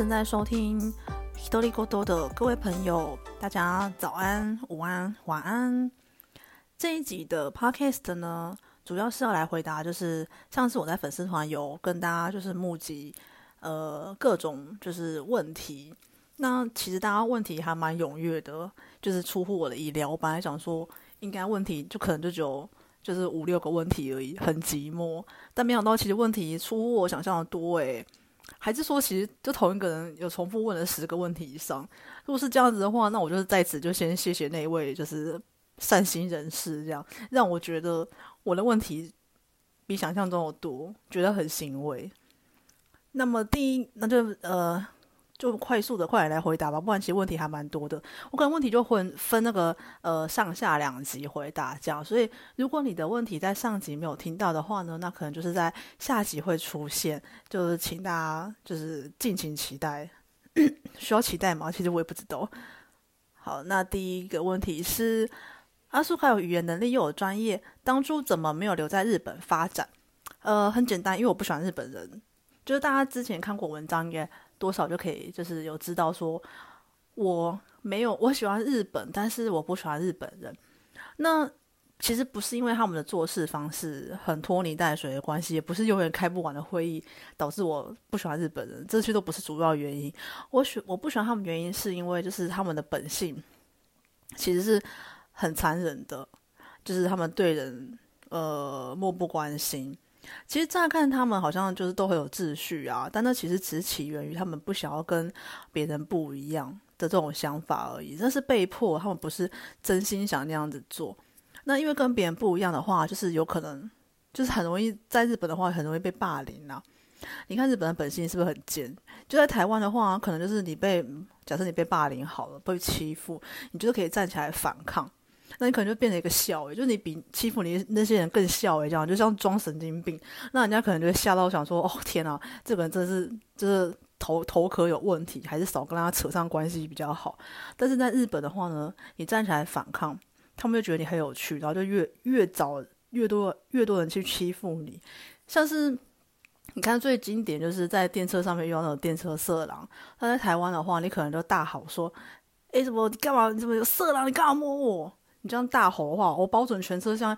正在收聽 Hitorigoto 的各位朋友，大家早安、午安、晚安。這一集的 Podcast 呢，主要是要來回答，就是上次我在粉絲團有跟大家就是募集，呃，各種就是問題。那其實大家問題還蠻踴躍的，就是出乎我的意料。我本來想說，應該問題就可能就只有就是五六個問題而已，很寂寞。但沒想到，其實問題出乎我想象的多誒、欸。還是說，其實就同一個人有重複問了十個問題以上。如果是這樣子的話，那我就是在此就先謝謝那位就是善心人士，這樣，讓我覺得我的問題比想象中有多，覺得很欣慰。那麼第一，那就呃。就快速的快點來回答吧，不然其實問題還蠻多的。我可能問題就會分那個呃上下兩集回答這樣，所以如果你的問題在上集沒有聽到的話呢，那可能就是在下集會出現，就是請大家就是敬請期待， 需要期待嗎？其實我也不知道。好，那第一個問題是，阿叔還有語言能力又有專業，當初怎麼沒有留在日本發展？呃，很簡單，因為我不喜歡日本人。就大家之前看過文章，應該多少就可以，就是有知道說，我沒有我喜歡日本，但是我不喜歡日本人。那其實不是因為他們的做事方式很拖泥帶水的關係，也不是因為開不完的會議導致我不喜歡日本人，這些都不是主要原因。我喜我不喜歡他們原因是因為就是他們的本性其實是很殘忍的，就是他們對人呃漠不關心。其實乍看，他們好像就是都很有秩序啊，但那其實只起源於他們不想要跟別人不一樣的這種想法而已。那是被迫，他們不是真心想那樣子做。那因為跟別人不一樣的話，就是有可能，就是很容易在日本的話，很容易被霸凌啊。你看日本的本性是不是很賤？就在台灣的話，可能就是你被，假設你被霸凌好了，被欺負，你就是可以站起來反抗。那你可能就變成一個笑，哎，就是你比欺負你那些人更笑，哎，這樣就像裝神經病，那人家可能就會嚇到想說，哦天啊，這個人真是，就是頭頭殼有問題，還是少跟他扯上關係比較好。但是在日本的話呢，你站起來反抗，他們就覺得你很有趣，然後就越越找越多越多人去欺負你。像是你看最經典就是在電車上面遇到那種電車色狼，他在台灣的話，你可能就大吼說，誒、欸，怎麼你幹嘛？你怎麼有色狼？你幹嘛摸我？你這樣大吼的話，我保準全車廂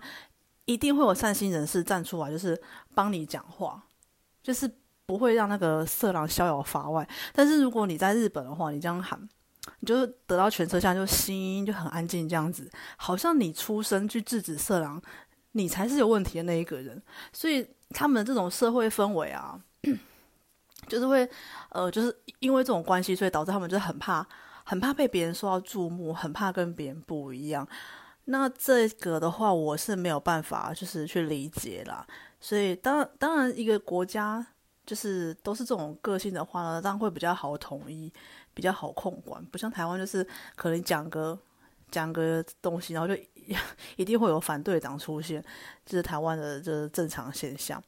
一定會有善心人士站出來，就是幫你講話，就是不會讓那個色狼逍遙法外。但是如果你在日本的話，你這樣喊，你就得到全車廂就心音就很安靜，這樣子，好像你出聲去制止色狼，你才是有問題的那一個人。所以他們這種社會氛圍啊， 就是會呃，就是因為這種關係，所以導致他們就很怕。很怕被別人受到注目，很怕跟別人不一樣。那這個的話，我是沒有辦法，就是去理解啦。所以，當然當然，一個國家就是都是這種個性的話呢，當然會比較好統一，比較好控管。不像台灣，就是可能講個講個東西，然後就一定會有反對黨出現，就是台灣的這正常現象。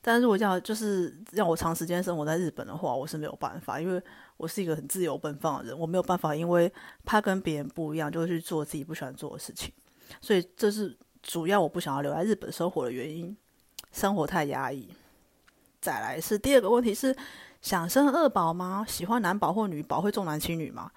但是，如果要就是讓我長時間生活在日本的話，我是沒有辦法，因為。我是一個很自由奔放的人，我沒有辦法，因為怕跟別人不一樣，就會去做自己不喜歡做的事情，所以這是主要我不想要留在日本生活的原因，生活太壓抑。再來是第二個問題是，想生二寶嗎？喜歡男寶或女寶會重男輕女嗎？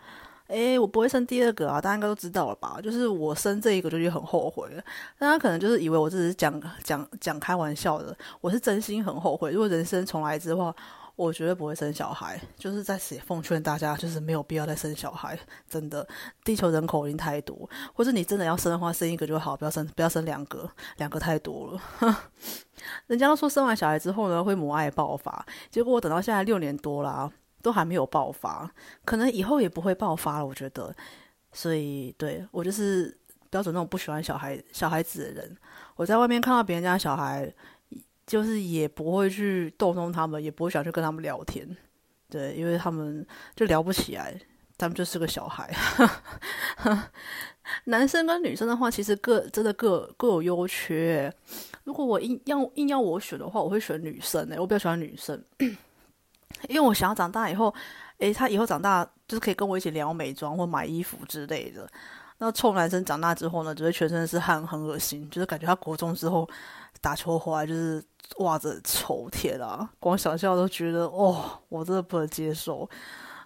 誒，我不會生第二個啊，大家應該都知道了吧？就是我生這一個就覺得很後悔了，大家可能就是以為我只是講講講開玩笑的，我是真心很後悔。如果人生重來之後。我絕對不會生小孩，就是在此也奉勸大家，就是沒有必要再生小孩，真的。地球人口已經太多，或者你真的要生的話，生一個就好，不要生，不要生兩個，兩個太多了。 人家都說生完小孩之後呢，會母愛爆發，結果我等到現在六年多啦，都還沒有爆發，可能以後也不會爆發了，我覺得。所以，對，我就是標準那種不喜歡小孩、小孩子的人，我在外面看到別人家小孩。就是也不會去逗弄他們，也不會想去跟他們聊天，對，因為他們就聊不起來，他們就是個小孩。 男生跟女生的話，其實各真的各各有優缺。如果我硬要硬要我選的話，我會選女生誒，我比較喜歡女生， 因為我想要長大以後，誒，她以後長大就是可以跟我一起聊美妝或買衣服之類的。那臭男生長大之後呢，只會全身是汗，很惡心，就是感覺他國中之後打球回來就是襪子臭鐵啦，天啊。光想笑都覺得，哦，我真的不能接受。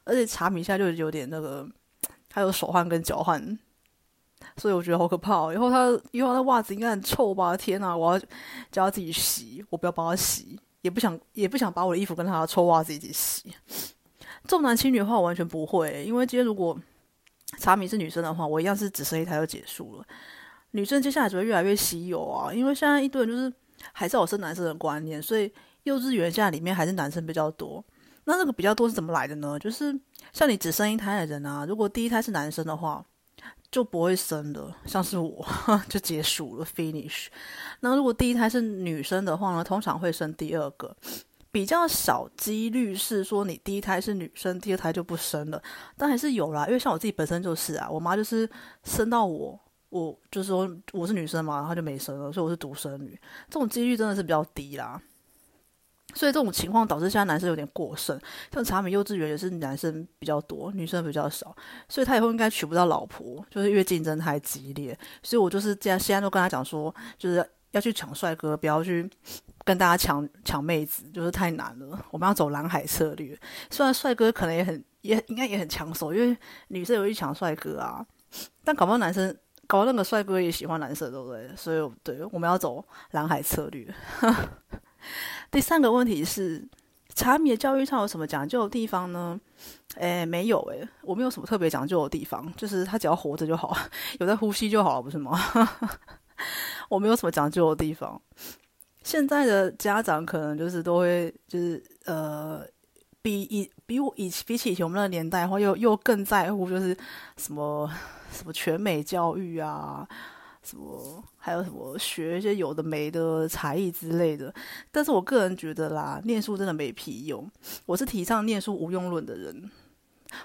而且明米下就有點那個，他有手汗跟腳汗，所以我覺得好可怕哦。然後他，因為他的襪子應該很臭吧？天啊，我要叫他自己洗，我不要幫他洗，也不想也不想把我的衣服跟他的臭襪子一起洗。重男輕女的話，我完全不會欸，因為今天如果。查明是女生的話，我一樣是只生一胎就結束了。女生接下來只會越來越稀有啊，因為現在一堆人就是還是有生男生的觀念，所以幼稚園現在裡面還是男生比較多。那這個比較多是怎麼來的呢？就是像你只生一胎的人啊，如果第一胎是男生的話，就不會生的，像是我就結束了，finish。那如果第一胎是女生的話呢，通常會生第二個。比較小幾率是說，你第一胎是女生，第二胎就不生了，但還是有啦，因為像我自己本身就是啊，我媽就是生到我，我就是說我是女生嘛，然後就沒生了，所以我是獨生女，這種幾率真的是比較低啦。所以這種情況導致現在男生有點過剩，像茶米幼稚園也是男生比較多，女生比較少，所以他以後應該娶不到老婆，就是因為競爭太激烈。所以我就是這樣，現在都跟他講說，就是。要去搶帥哥，不要去跟大家搶搶妹子，就是太難了。我們要走藍海策略。雖然帥哥可能也很也應該也很搶手，因為女生有去搶帥哥啊，但搞不好男生搞不好那個帥哥也喜歡藍色，對不對？所以，對，我們要走藍海策略。 第三個問題是，茶米的教育上有什麼講究的地方呢？誒，沒有誒，我沒有什麼特別講究的地方，就是他只要活着就好，有在呼吸就好了，不是嗎？ 我沒有什麼講究的地方。現在的家長可能就是都會，就是呃，比以比我以比起以前我們那個年代的話，又又更在乎，就是什麼什麼全美教育啊，什麼還有什麼學一些有的沒的才藝之類的。但是我個人覺得啦，念書真的沒屁用。我是提倡念書無用論的人。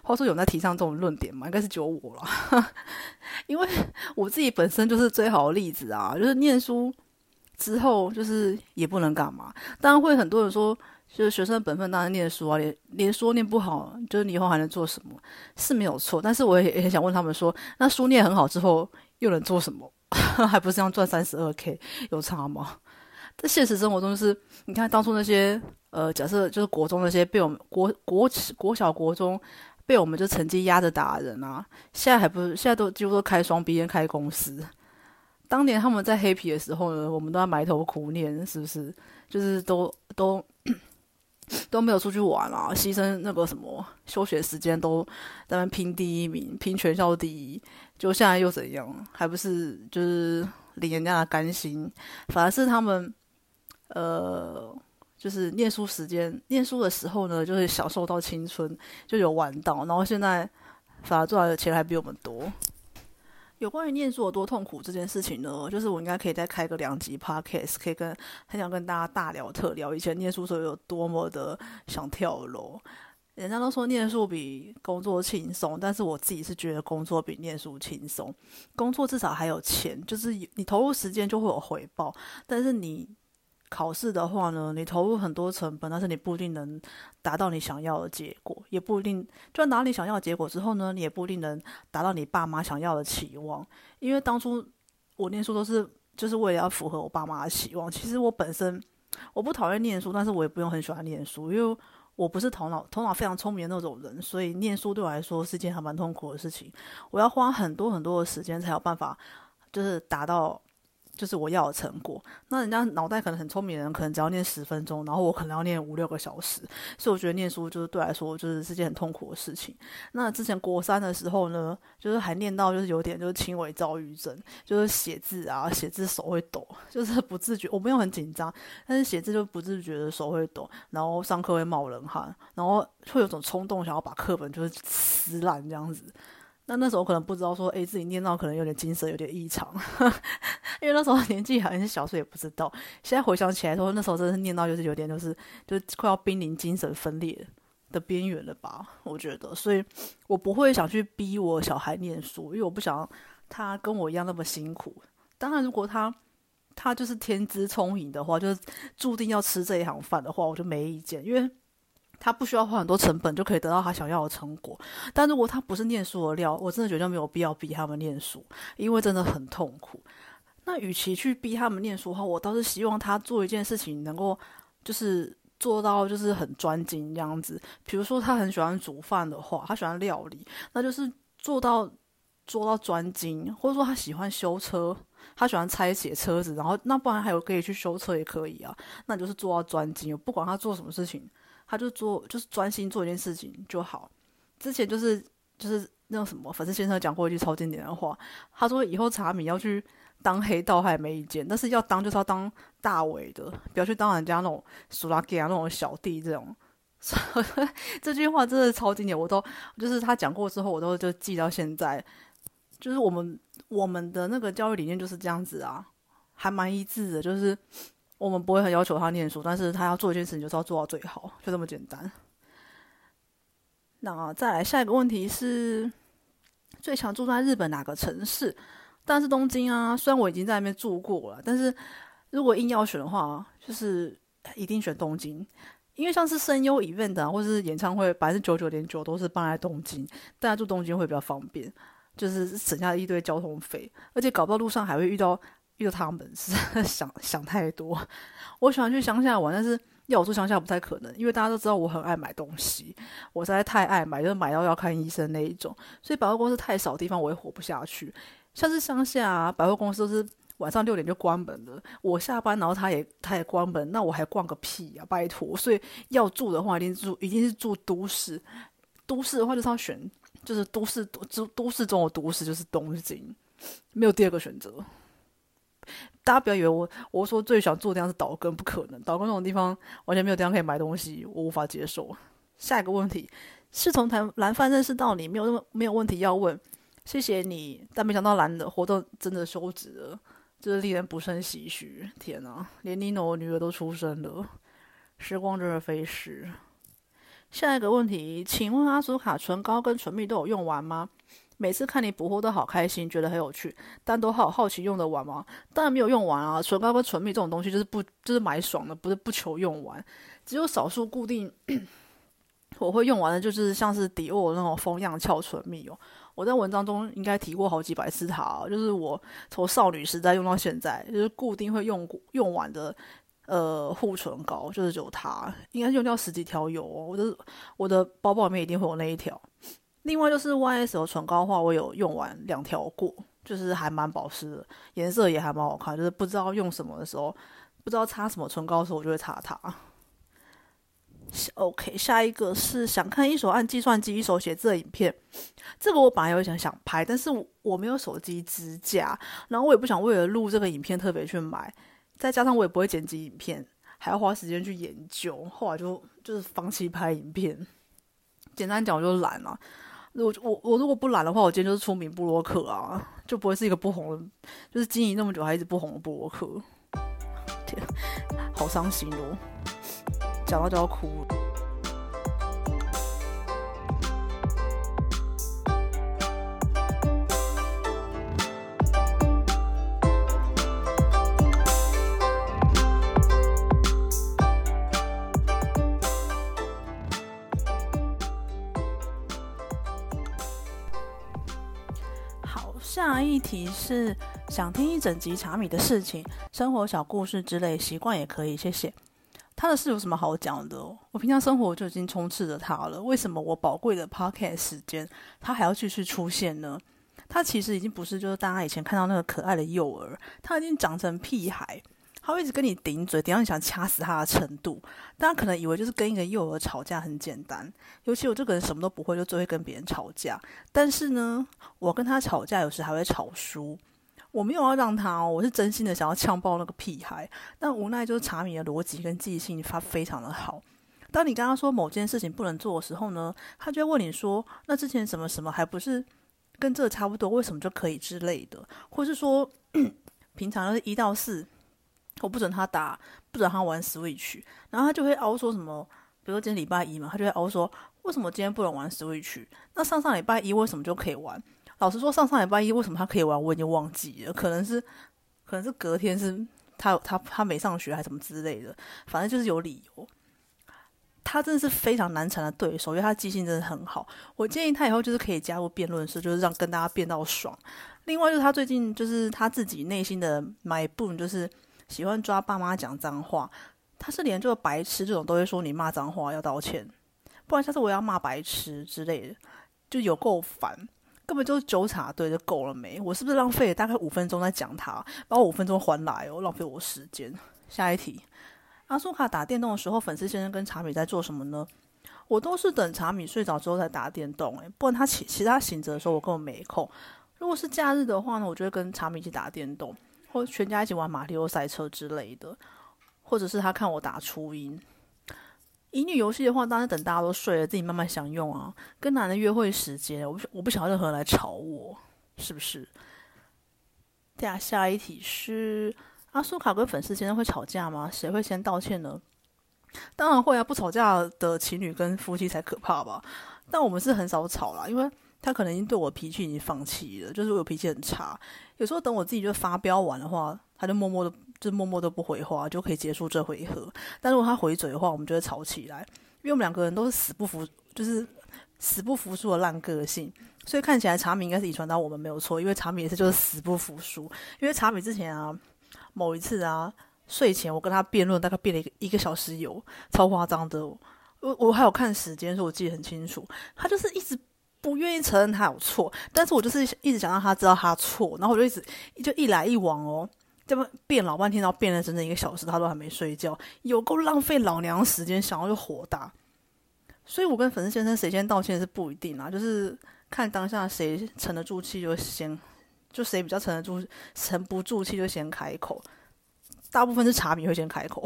話說有在提倡這種論點嗎？應該是只有我了， 因為我自己本身就是最好的例子啊。就是念書之後，就是也不能幹嘛。當然會很多人說，就是學生本分當然念書啊，連連書念不好，就是你以後還能做什麼？是沒有錯。但是我也，也想問他們說，那書念很好之後又能做什麼？ 還不是這樣賺三十二 k？有差嗎？在現實生活中，就是你看當初那些呃，假設就是國中那些被我們國國國小國中。被我們就成績壓着打人啊！現在還不是，現在都幾乎都開雙 B，開公司。當年他們在黑皮的時候呢，我們都在埋頭苦念，是不是？就是都都都沒有出去玩啊，犧牲那個什麼休學時間，都在那拼第一名，拼全校第一。就現在又怎樣？還不是就是領人家的甘心？反而是他們，呃。就是念書時間，念書的時候呢，就是享受到青春，就有玩到。然後現在反而賺來的錢還比我們多。有關於念書有多痛苦這件事情呢，就是我應該可以再開個兩集 podcast，可以跟很想跟大家大聊特聊，以前念書的時候有多麼的想跳樓。人家都說念書比工作輕鬆，但是我自己是覺得工作比念書輕鬆。工作至少還有錢，就是你投入時間就會有回報，但是你。考試的話呢，你投入很多成本，但是你不一定能達到你想要的結果，也不一定。就拿你想要的結果之後呢，你也不一定能達到你爸媽想要的期望。因為當初我念書都是就是為了要符合我爸媽的期望。其實我本身我不討厭念書，但是我也不用很喜歡念書，因為我不是頭腦頭腦非常聰明的那種人，所以念書對我來說是件還蠻痛苦的事情。我要花很多很多的時間才有辦法，就是達到。就是我要的成果。那人家腦袋可能很聰明的人，可能只要念十分鐘，然後我可能要念五六個小時。所以我覺得念書就是對我來說就是是件很痛苦的事情。那之前國三的時候呢，就是還念到就是有點就是輕微躁鬱症，就是寫字啊，寫字手會抖，就是不自覺。我沒有很緊張，但是寫字就不自覺的手會抖，然後上課會冒冷汗，然後會有種衝動想要把課本就是撕爛這樣子。那那時候可能不知道說，誒、欸、自己念到可能有點精神有點異常呵呵，因為那時候年紀好像是小時候也不知道。現在回想起來說，那時候真的是念到就是有點就是就快要瀕臨精神分裂的邊緣了吧？我覺得，所以我不會想去逼我小孩念書，因為我不想他跟我一樣那麼辛苦。當然，如果他他就是天資聰穎的話，就是注定要吃這一行飯的話，我就沒意見，因為。他不需要花很多成本就可以得到他想要的成果，但如果他不是念書的料，我真的覺得沒有必要逼他們念書，因為真的很痛苦。那與其去逼他們念書的話，我倒是希望他做一件事情能夠，就是做到就是很專精這樣子。比如說他很喜歡煮飯的話，他喜歡料理，那就是做到做到專精，或者說他喜歡修車，他喜歡拆卸車子，然後那不然還有可以去修車也可以啊，那就是做到專精，不管他做什麼事情。他就做就是專心做一件事情就好。之前就是就是那種什麼粉絲先生講過一句超經典的話，他說以後查米要去當黑道，他也沒意見。但是要當就是要當大尾的，不要去當人家那種蘇拉給啊那種小弟這種。所以 這句話真的超經典，我都就是他講過之後，我都就記到現在。就是我們我們的那個教育理念就是這樣子啊，還蠻一致的，就是。我們不會很要求他念書，但是他要做一件事，你就是要做到最好，就這麼簡單。那再來下一個問題是，最想住在日本哪個城市？當然是東京啊！雖然我已經在那邊住過了，但是如果硬要選的話，就是一定選東京，因為像是聲優 event 啊，或者是演唱會，百分之九十九點九都是辦在東京，大家住東京會比較方便，就是省下一堆交通費，而且搞不好路上還會遇到。因為他們是想想太多。我喜歡去鄉下玩，但是要我住鄉下不太可能，因為大家都知道我很愛買東西，我實在太愛買，就是買到要看醫生那一種。所以百貨公司太少的地方，我也活不下去。像是鄉下啊，百貨公司都是晚上六點就關門了。我下班，然後他也他也關門，那我還逛個屁啊！拜託，所以要住的話，一定住一定是住都市。都市的話就是要選，就是都市都都都市中的都市就是東京，沒有第二個選擇。大家不要以為我，我說最想做的地方是島根，不可能，島根那種地方完全沒有地方可以買東西，我無法接受。下一個問題，是從談藍飯認識到你，沒有那麼沒有問題要問，謝謝你。但沒想到藍的活動真的休止了，就是令人不勝唏噓。天哪，連妮諾女兒都出生了，時光真是飛逝。下一個問題，請問阿祖卡唇膏跟唇蜜都有用完嗎？每次看你補貨都好開心，覺得很有趣，但都好好奇用得完嗎？當然沒有用完啊！唇膏跟唇蜜這種東西就是不，就是買爽的，不是，不求用完。只有少數固定 我會用完的，就是像是迪奧那種豐漾俏唇蜜哦。我在文章中應該提過好幾百次它哦，就是我從少女時代用到現在，就是固定會用，用完的。呃，護唇膏就是有它，應該是用掉十幾條有哦。我的，我的包包裡面一定會有那一條。另外就是 YSL 唇膏的話，我有用完兩條過，就是還蠻保濕的，顏色也還蠻好看。就是不知道用什麼的時候，不知道擦什麼唇膏的時候，我就會擦它。OK，下一個是想看一手按計算機，一手寫字的影片。這個我本來也想想拍，但是我，我沒有手機支架，然後我也不想為了錄這個影片特別去買，再加上我也不會剪輯影片，還要花時間去研究，後來就就是放棄拍影片。簡單講，我就懶了、啊。我我我如果不懶的話，我今天就是出名部落客啊，就不會是一個不紅的，就是經營那麼久還一直不紅的部落客。天，好傷心哦，講到都要哭了。一題是想聽一整集茶米的事情、生活小故事之類，習慣也可以。謝謝。他的事有什麼好講的？我平常生活就已經充斥着他了，為什麼我寶貴的 podcast 時間他還要繼續出現呢？他其實已經不是就是大家以前看到那個可愛的幼兒，他已經長成屁孩。他會一直跟你頂嘴，頂到你想掐死他的程度。大家可能以為就是跟一個幼兒吵架很簡單，尤其我這個人什麼都不會，就只會跟別人吵架。但是呢，我跟他吵架有時還會吵輸。我沒有要讓他哦，我是真心的想要嗆爆那個屁孩。但無奈就是查理的邏輯跟記性他非常的好。當你跟他說某件事情不能做的時候呢，他就會問你說：“那之前什麼什麼還不是跟這個差不多？為什麼就可以之類的？”或是說平常就是一到四。我不准他打，不准他玩 switch。然後他就會凹說什麼，比如說今天禮拜一嘛，他就會凹說為什麼今天不能玩 switch？那上上禮拜一為什麼就可以玩？老實說，上上禮拜一為什麼他可以玩？我已經忘記了，可能是可能是隔天是他他他，他沒上學還是什麼之類的，反正就是有理由。他真的是非常難纏的對手，因為他記性真的很好。我建議他以後就是可以加入辯論社，就是讓跟大家辯到爽。另外就是他最近就是他自己內心的 my boom 就是。喜歡抓爸媽講髒話，他是連這個白痴這種都會說你罵髒話要道歉，不然下次我要罵白痴之類的，就有夠煩，根本就是糾察隊就夠了沒？我是不是浪費了大概五分鐘在講他，把我五分鐘還來哦，浪費我時間。下一題，阿蘇卡打電動的時候，粉絲先生跟茶米在做什麼呢？我都是等茶米睡着之後才打電動、欸，誒，不然他其其他醒着的時候我根本沒空。如果是假日的話呢，我就會跟茶米一起打電動。或全家一起玩馬里奧賽車之類的，或者是他看我打初音。乙女遊戲的話，當然等大家都睡了，自己慢慢享用啊。跟男的約會時間，我不我不想任何人來吵我，是不是？對啊。下一題是阿蘇卡跟粉絲之間會吵架嗎？誰會先道歉呢？當然會啊，不吵架的情侶跟夫妻才可怕吧？但我們是很少吵啦，因為。他可能已經對我脾氣已經放棄了，就是我脾氣很差，有時候等我自己就發飆完的話，他就默默的，就默默的不回話，就可以結束這回合。但如果他回嘴的話，我們就會吵起來，因為我們兩個人都是死不服，就是死不服輸的爛個性，所以看起來茶米應該是遺傳到我們沒有錯，因為茶米也是就是死不服輸。因為茶米之前啊，某一次啊，睡前我跟他辯論，大概辯了一個一個小時有，超誇張的哦，我我還有看時間，所以我記得很清楚，他就是一直。不願意承認他有錯，但是我就是一直想讓他知道他錯，然後我就一直就一來一往哦，這麼變老半天，然後辯了整整一個小時，他都還沒睡覺，有夠浪費老娘時間，想要去火大。所以我跟粉絲先生誰先道歉是不一定啊，就是看當下誰沉得住氣就先，就誰比較沉得住，沉不住氣就先開口，大部分是茶米會先開口，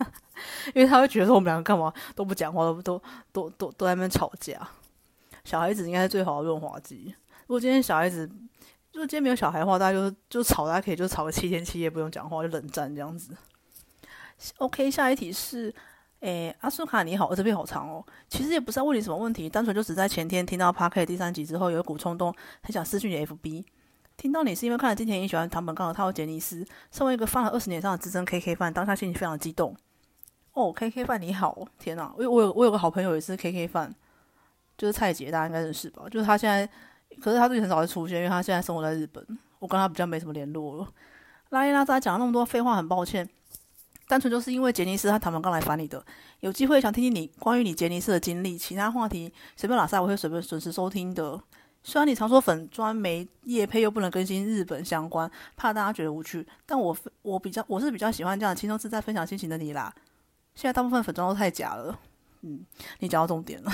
因為他會覺得說我們兩個幹嘛都不講話，都都都都都在那邊吵架。小孩子應該是最好的潤滑劑。如果今天小孩子，如果今天沒有小孩的話，大家就就吵，大家可以就吵個七天七夜，不用講話，就冷戰這樣子。OK，下一題是，誒、欸，阿蘇卡你好，我這邊好長哦。其實也不是要問你什麼問題，單純就只在前天聽到 Parker 的第三集之後，有一股衝動，很想私訊你 FB。聽到你是因為看了金田一你喜歡堂本剛和他歐傑尼斯，身為一個犯了二十年以上的資深 KK 犯，當下心情非常激動。哦，KK 犯你好，天哪、啊，我我有我有個好朋友也是 KK 犯。就是蔡杰，大家應該認識吧？就是他現在，可是他最近很少在出現，因為他現在生活在日本，我跟他比較沒什麼聯絡了。拉一拉，大家講了那麼多廢話，很抱歉，單純就是因為傑尼斯他他們剛來煩你的，有機會想聽聽你關於你傑尼斯的經歷。其他話題隨便拉下我會隨便隨時收聽的。雖然你常說粉專沒業配又不能更新日本相關，怕大家覺得無趣，但我我比較我是比較喜歡這樣的輕鬆自在分享心情的你啦。現在大部分粉專都太假了。嗯，你講到重點了。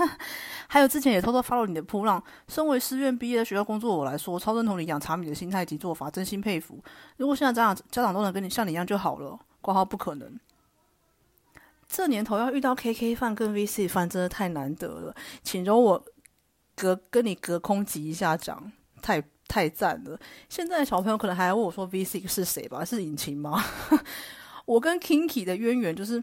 還有之前也偷偷 follow 你的噗浪。身為師院畢業的學校工作我來說，超認同養你養茶米的心態及做法，真心佩服。如果現在家長家長都能跟你像你一樣就好了，掛號不可能。這年頭要遇到 KK 飯跟 VC 飯，真的太難得了。請容我隔跟你隔空擊一下掌，太太贊了。現在小朋友可能還要問我說 VC 是誰吧？是引擎嗎？ 我跟 Kinky 的淵源就是。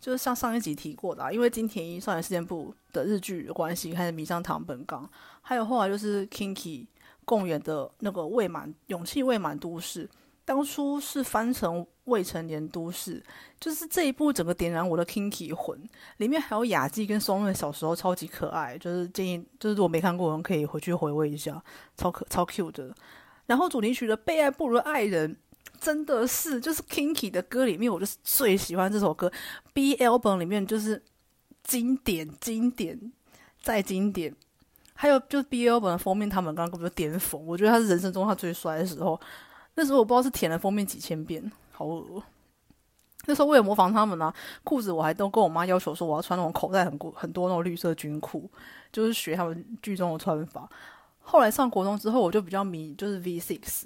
就是像上一集提過的，啊，因為金田一少年事件簿的日劇的關係，開始迷上堂本剛，還有後來就是 KinKi 共演的那個未滿勇氣未滿都市，當初是翻成未成年都市，就是這一部整個點燃我的 KinKi 魂，裡面還有雅紀跟松潤小時候超級可愛，就是建議就是如果沒看過，我們可以回去回味一下，超可超 cute 的。然後主題曲的被愛不如愛人，真的是，就是 KinKi 的歌裡面，我就是最喜歡這首歌。B album 裡面就是經典、經典再經典。還有就是 B album 的封面，他們剛剛不就巔峰？我覺得他是人生中他最帥的時候。那時候我不知道是舔了封面幾千遍，好噁。那時候為了模仿他們呢、啊，褲子我還都跟我媽要求說我要穿那種口袋很過很多那種綠色軍褲，就是學他們劇中的穿法。後來上國中之後，我就比較迷，就是 V six。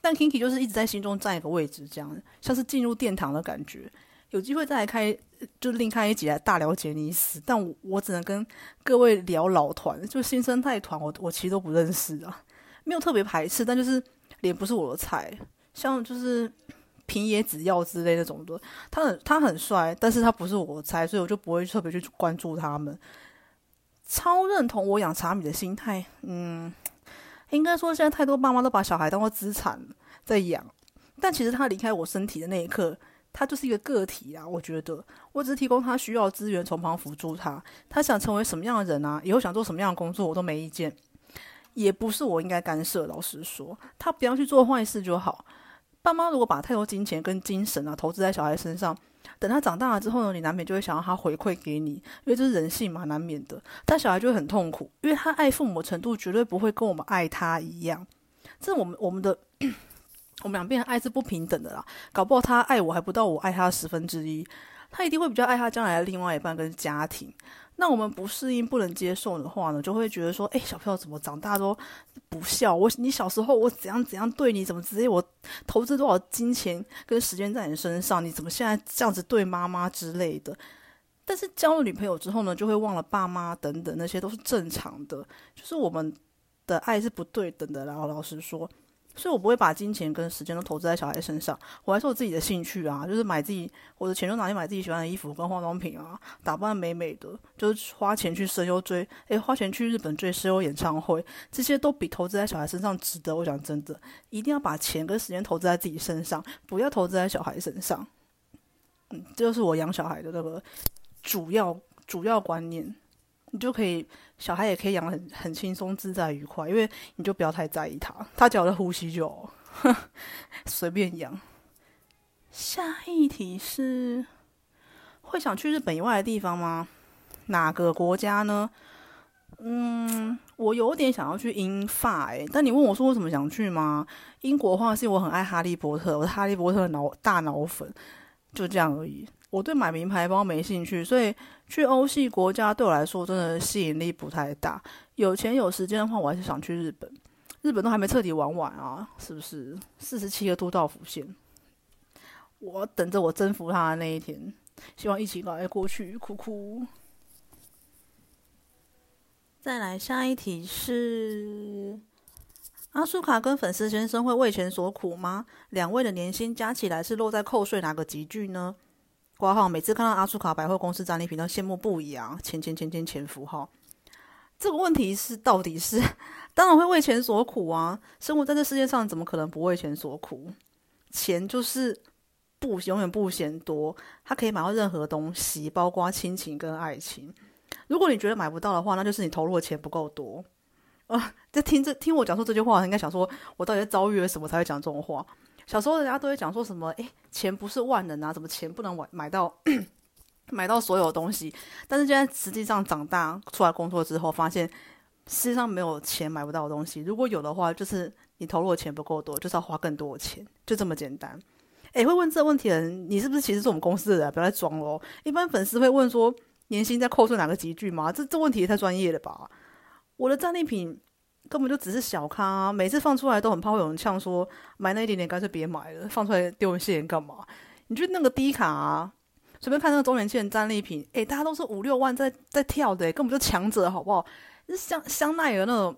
但 Kinky 就是一直在心中佔一個位置。這樣像是進入殿堂的感覺。有機會再來開，就另開一集來大聊傑尼斯。但我我只能跟各位聊老團，就新生代團我，我我其實都不認識啊，沒有特別排斥，但就是臉不是我的菜，像就是平野紫耀之類那種的，他很他很帥，但是他不是我的菜，所以我就不會特別去關注他們。超認同我養茶米的心態，嗯。應該說，現在太多爸媽都把小孩當做資產在養，但其實他離開我身體的那一刻，他就是一個個體啊。我覺得，我只是提供他需要的資源，從旁輔助他。他想成為什麼樣的人啊？以後想做什麼樣的工作，我都沒意見，也不是我應該干涉。老實說，他不要去做壞事就好。爸媽如果把太多金錢跟精神啊投資在小孩身上，等他長大了之後呢，你難免就會想讓他回饋給你，因為這是人性嘛，難免的。但小孩就會很痛苦，因為他愛父母的程度絕對不會跟我們愛他一樣。這我們我們的 我們兩邊的愛是不平等的啦，搞不好他愛我還不到我愛他的十分之一，他一定會比較愛他將來的另外一半跟家庭。那我們不適應、不能接受的話呢，就會覺得說，哎，小朋友怎麼長大都不孝？我你小時候我怎樣怎樣對你，怎麼直接我投資多少金錢跟時間在你身上，你怎麼現在這樣子對媽媽之類的？但是交了女朋友之後呢，就會忘了爸媽等等，那些都是正常的，就是我們的愛是不對等的。然後老師說。所以我不會把金錢跟時間都投資在小孩身上，我還是有自己的興趣啊，就是買自己，我的錢就拿去買自己喜歡的衣服跟化妝品啊，打扮美美的，就是花錢去聲優追，誒，花錢去日本追聲優演唱會，這些都比投資在小孩身上值得。我想真的，一定要把錢跟時間投資在自己身上，不要投資在小孩身上。嗯，這就是我養小孩的那個主要主要觀念。你就可以，小孩也可以養很很輕鬆、自在、愉快，因為你就不要太在意他，他只要呼吸就好哼，隨便養。下一題是，會想去日本以外的地方嗎？哪個國家呢？嗯，我有點想要去英法哎、欸，但你問我說我怎麼想去嗎？英國的話是我很愛哈利波特，我是哈利波特的腦大腦粉，就這樣而已。我對買名牌包沒興趣，所以。去歐系國家對我來說真的吸引力不太大。有錢有時間的話，我還是想去日本。日本都還沒徹底玩完啊，是不是？四十七個都道府縣，我等着我征服他的那一天。希望一起來過去，哭哭。再來下一題是：阿蘇卡跟粉絲先生會為錢所苦嗎？兩位的年薪加起來是落在扣稅哪個級距呢？掛號，每次看到阿蘇卡百貨公司戰利品都羨慕不已啊！錢錢錢錢錢符號！這個問題是到底是？當然會為錢所苦啊！生活在這世界上，怎麼可能不為錢所苦？錢就是不永遠不嫌多，它可以買到任何東西，包括親情跟愛情。如果你覺得買不到的話，那就是你投入的錢不夠多啊、呃！在聽這聽我講說這句話，應該想說我到底在遭遇了什麼才會講這種話？小時候人家都會講說什麼，誒，錢不是萬能啊，什麼錢不能買買到 買到所有的東西。但是現在實際上長大出來工作之後，發現世界上沒有錢買不到的東西。如果有的話，就是你投入的錢不夠多，就是要花更多的錢，就這麼簡單。誒。會問這問題的人，你是不是其實是我們公司的人？不要再裝咯。一般粉絲會問說，年薪在扣除哪個集聚嗎？這這問題也太專業了吧。我的戰利品。根本就只是小咖，啊，每次放出來都很怕有人嗆，說買那一點點乾脆別買了，放出來丟人現眼幹嘛？你覺得那個 D 卡，啊，隨便看那個周年慶的戰利品，誒、欸，大家都是五六萬在在跳的，根本就強者好不好？像香奈兒那種，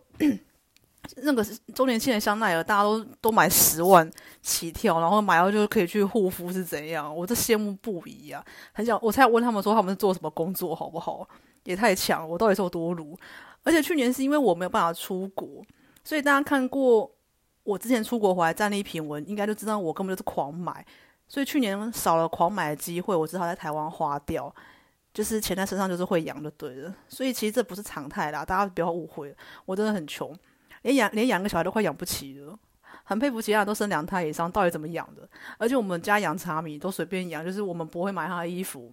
個，那個周年慶的香奈兒，大家都都買十萬起跳，然後買到就可以去護膚是怎樣？我這羨慕不已啊，很想我才要問他們說他們是做什麼工作好不好？也太強了，我到底是有多魯？而且去年是因為我沒有辦法出國，所以大家看過我之前出國回來戰利品文，應該就知道我根本就是狂買，所以去年少了狂買的機會，我只好在台灣花掉，就是錢在身上就是會養的，對的。所以其實這不是常態啦，大家不要誤會，我真的很窮，連養連養個小孩都快養不起了，很佩服其他人都生兩胎以上到底怎麼養的，而且我們家養茶米都隨便養，就是我們不會買他的衣服。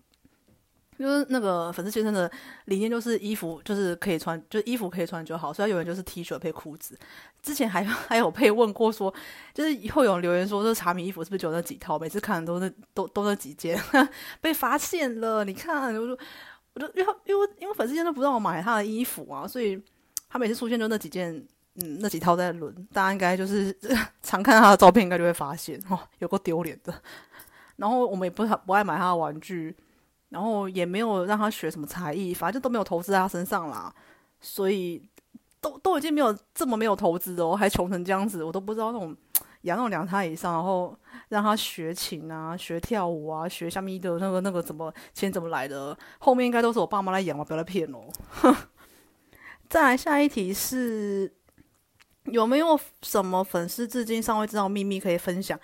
就是那個粉絲先生的理念，就是衣服就是可以穿，就是衣服可以穿就好。雖然有人就是 T 恤配褲子，之前還還有被問過說，就是以後有人留言說，這、就是、茶米衣服是不是就那幾套？每次看都是都都那幾件， 被發現了。你看，我就，我就因為因為因為粉絲先生都不讓我買他的衣服啊，所以他每次出現就那幾件，嗯，那幾套在輪。大家應該就是 常看他的照片，應該就會發現哦，有夠丟臉的。 然後我們也不不愛買他的玩具。然後也沒有讓他學什麼才藝，反正就都沒有投資在他身上啦，所以都都已經沒有這麼沒有投資哦，還窮成這樣子，我都不知道那種養那種兩胎以上，然後讓他學琴啊、學跳舞啊、學下面的那個那個怎麼錢怎麼來的，後面應該都是我爸媽來養，我不要來騙哦。 再來下一題是，有沒有什麼粉絲至今尚未知道祕密可以分享？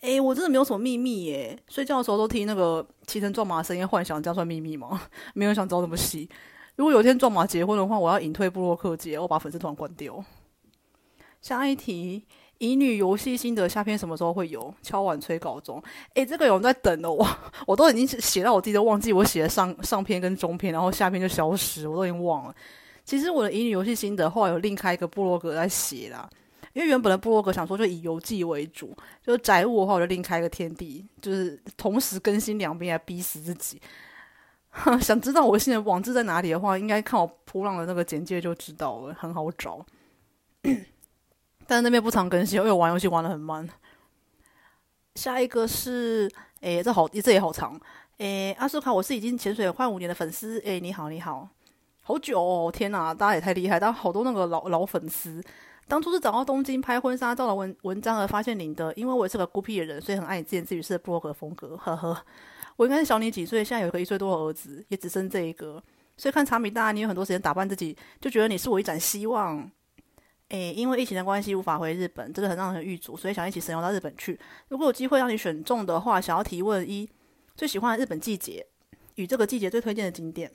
哎、欸，我真的沒有什麼祕密耶、欸。睡覺的時候都聽那個騎乘壯馬的聲音，幻想這樣算祕密嗎？沒人想知道那麼細。如果有一天壯馬結婚的話，我要隱退部落客界，我把粉絲團關掉。下一題，乙女遊戲心得下篇什麼時候會有？敲碗催稿中。哎、欸，這個有人在等的哇！我都已經寫到我自己都忘記我寫了上上篇跟中篇，然後下篇就消失，我都已經忘了。其實我的乙女遊戲心得後來有另開一個部落格在寫啦。因為原本的部落格想說，就以遊記為主，就是宅物的話，我就另開一個天地，就是同時更新兩邊來逼死自己。想知道我現在網志在哪裡的話，應該看我噗浪的那個簡介就知道了，很好找。 但那邊不常更新，因為我玩遊戲玩得很慢。下一個是，哎，這好，這也好長。哎，阿蘇卡，我是已經潛水快五年的粉絲。哎，你好，你好，好久哦，天啊，大家也太厲害，但好多那個老老粉絲。當初是找到東京拍婚紗照的文文章而發現你的，因為我也是個孤僻的人，所以很愛你自言自語式的部落格風格，呵呵。我應該是小你幾歲，現在有一個一歲多的兒子，也只生這一個，所以看茶米大，你有很多時間打扮自己，就覺得你是我一盞希望。誒，因為疫情的關係無法回日本，這個很讓人鬱卒，所以想一起神遊到日本去。如果有機會讓你選中的話，想要提問一，最喜歡的日本季節，與這個季節最推薦的景點。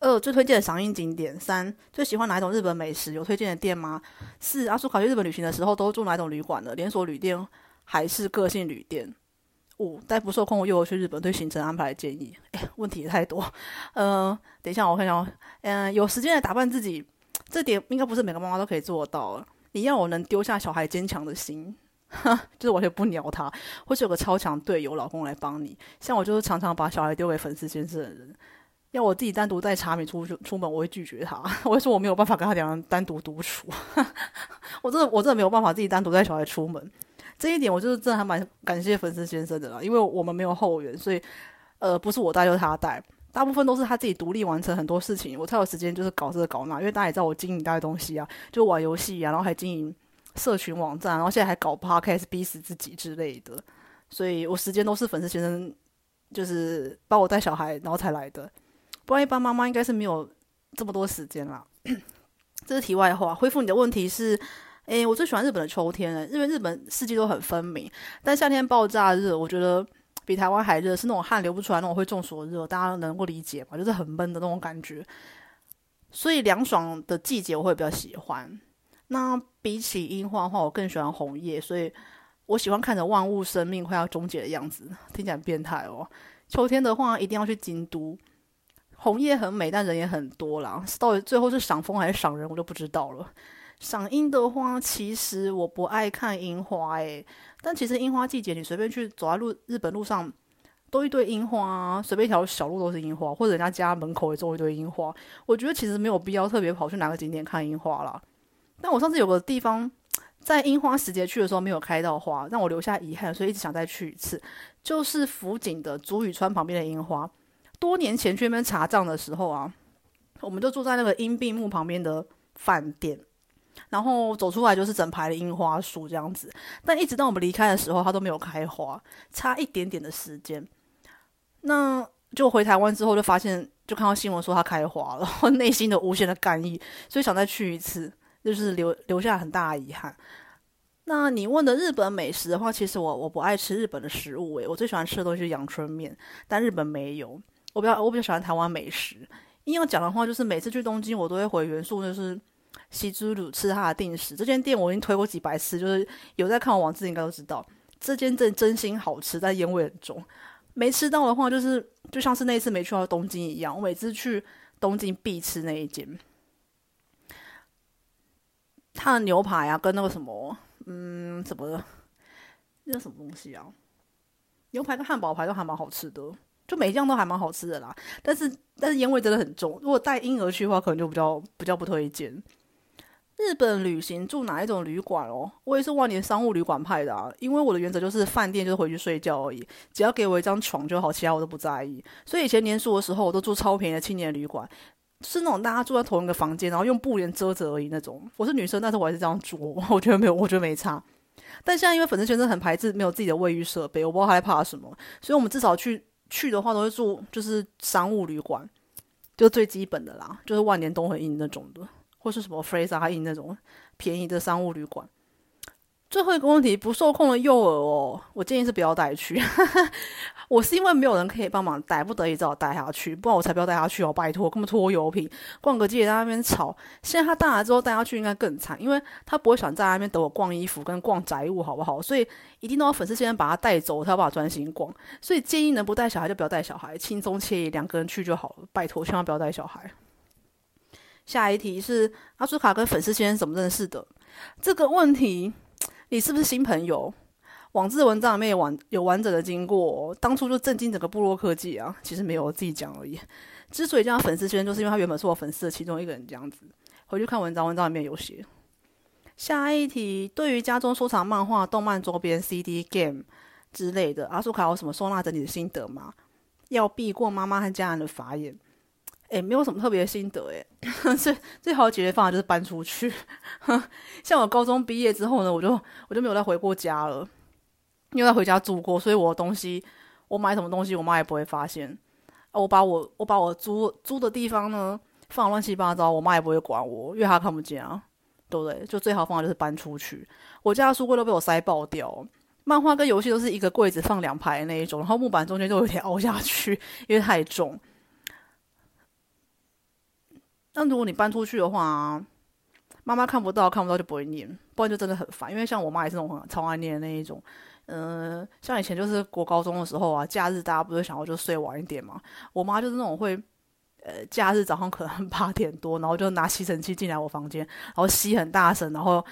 二最推薦的賞櫻景點。三最喜歡哪一種日本美食？有推薦的店嗎？四阿叔跑去日本旅行的時候，都住哪一種旅館的？連鎖旅店還是個性旅店？五帶不受控又幼去日本，對行程安排的建議？哎、欸，問題也太多。嗯、呃，等一下我看一下。嗯、呃，有時間來打扮自己，這點應該不是每個媽媽都可以做到。你要我能丟下小孩堅強的心，就是我也不鳥他，或是有個超強隊友老公來幫你。像我就是常常把小孩丟給粉絲先生的人。要我自己單獨帶茶米出去出門，我會拒絕他。 我會說我沒有辦法跟他兩人單獨獨處。 我真的我真的沒有辦法自己單獨帶小孩出門。這一點我就是真的還蠻感謝粉絲先生的啦，因為我們沒有後援，所以呃不是我帶就是他帶，大部分都是他自己獨立完成很多事情。我才有時間就是搞這個搞那，因為大家也知道我經營帶的東西啊，就玩遊戲啊，然後還經營社群網站，然後現在還搞 p o d c a s 逼死自己之類的。所以我時間都是粉絲先生就是幫我帶小孩，然後才來的。不然，一般媽媽應該是沒有這麼多時間啦。 這是題外話。恢復你的問題是，誒，我最喜歡日本的秋天耶，因為日本四季都很分明，但夏天爆炸熱，我覺得比台灣還熱，是那種汗流不出來那種會中暑的熱，大家能夠理解嗎？就是很悶的那種感覺。所以涼爽的季節我會比較喜歡。那比起櫻花的話，我更喜歡紅葉，所以我喜歡看着萬物生命快要終結的樣子，聽起來很變態哦。秋天的話，一定要去京都。紅葉很美，但人也很多啦。到底最後是賞楓還是賞人，我就不知道了。賞櫻的話，其實我不愛看櫻花、欸，誒，但其實櫻花季節你隨便去走在路日本路上，都一堆櫻花，隨便一條小路都是櫻花，或者人家家門口也種一堆櫻花。我覺得其實沒有必要特別跑去哪個景點看櫻花啦。但我上次有個地方，在櫻花時節去的時候沒有開到花，讓我留下遺憾，所以一直想再去一次，就是福井的足羽川旁邊的櫻花。多年前去那邊查賬的時候啊，我們就住在那個櫻並木旁邊的飯店，然後走出來就是整排的櫻花樹這樣子。但一直到我們離開的時候，它都沒有開花，差一點點的時間。那就回台灣之後，就發現就看到新聞說它開花了，然後內心的無限的干預。所以想再去一次，就是留留下很大的遺憾。那你問的日本美食的話，其實我我不愛吃日本的食物，誒，我最喜歡吃的東西是陽春麵，但日本沒有。我比較我比較喜歡台灣美食，硬要講的話就是每次去東京我都會回原宿，就是西豬魯吃它的定食。這間店我已經推過幾百次，就是有在看我網誌應該都知道，這間真真心好吃，但煙味很重。沒吃到的話就是就像是那一次沒去到東京一樣。我每次去東京必吃那一間，它的牛排啊跟那個什麼嗯什麼的，那什麼東西啊，牛排跟漢堡排都還蠻好吃的。就每一樣都還蠻好吃的啦，但是但是煙味真的很重。如果帶嬰兒去的話，可能就比較比較不推薦。日本旅行住哪一種旅館哦？我也是萬年商務旅館派的啊，因為我的原則就是飯店就是回去睡覺而已，只要給我一張床就好，其他我都不在意。所以以前念書的時候，我都住超便宜的青年的旅館，就是那種大家住在同一個房間，然後用布簾遮着而已那種。我是女生，但是我還是這樣住，我覺得沒有，我覺得沒差。但現在因為粉絲圈真很排斥沒有自己的衛浴設備，我不知道害怕什麼，所以我們至少去。去的話，都會住就是商務旅館，就最基本的啦，就是萬年都會印那種的，或是什麼 f r 菲莎還印那種便宜的商務旅館。最後一個問題，不受控的幼兒哦，我建議是不要帶去。 我是因為沒有人可以幫忙帶，不得已只好帶他去，不然我才不要帶他去哦。拜託，這麼拖油瓶，逛個街在那邊吵。現在他大了之後帶他去應該更慘，因為他不會想在那邊等我逛衣服跟逛宅物，好不好？所以一定都要粉絲先生把他帶走，他要專心逛。所以建議能不帶小孩就不要帶小孩，輕鬆愜意兩個人去就好了。拜託，千萬不要帶小孩。下一題是阿蘇卡跟粉絲先生怎麼認識的？這個問題。你是不是新朋友？網誌文章裡面有完有完整的經過，當初就震驚整個部落科技啊！其實沒有，我自己講而已。之所以叫他粉絲圈，就是因為他原本是我粉絲的其中一個人這樣子。回去看文章，文章裡面有寫。下一題，對於家中收藏漫畫、動漫周邊、CD、Game 之類的，阿叔卡有什麼收納整理的心得嗎？要避過媽媽和家人的法眼。誒、欸，沒有什麼特別心得，欸，哎， 最最好的解決方法就是搬出去。 像我高中畢業之後呢，我就我就沒有再回過家了，因為要回家住過，所以我的東西，我買什麼東西，我媽也不會發現。啊、我把我我把我租租的地方呢放了亂七八糟，我媽也不會管我，因為她看不見啊，對不對？就最好的方法就是搬出去。我家書櫃都被我塞爆掉，漫畫跟遊戲都是一個櫃子放兩排那一種，然後木板中間就有點凹下去，因為太重。那如果你搬出去的話、啊，媽媽看不到，看不到就不會念，不然就真的很煩。因為像我媽也是那種很超愛念的那一種，嗯、呃，像以前就是國高中的時候啊，假日大家不是想要就睡晚一點嘛，我媽就是那種會，呃，假日早上可能八點多，然後就拿吸塵器進來我房間，然後吸很大聲，然後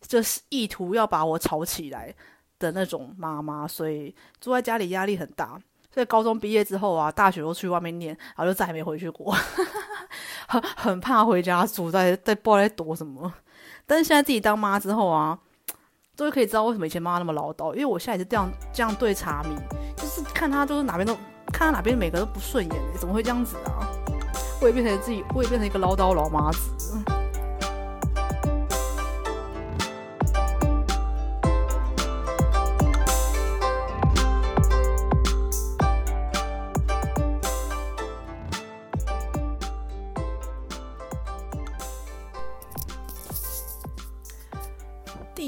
就是意圖要把我吵起來的那種媽媽，所以住在家裡壓力很大。在高中畢業之後啊，大學都去外面念，然後就再也沒回去過， 很怕回家，住在在不知道在躲什麼。但是現在自己當媽之後啊，終於可以知道為什麼以前媽媽那麼嘮叨，因為我現在也是這樣這樣對查米，就是看他都是哪邊都看他哪邊每個都不順眼，欸，怎麼會這樣子啊？我也變成自己，我也變成一個嘮叨老媽子。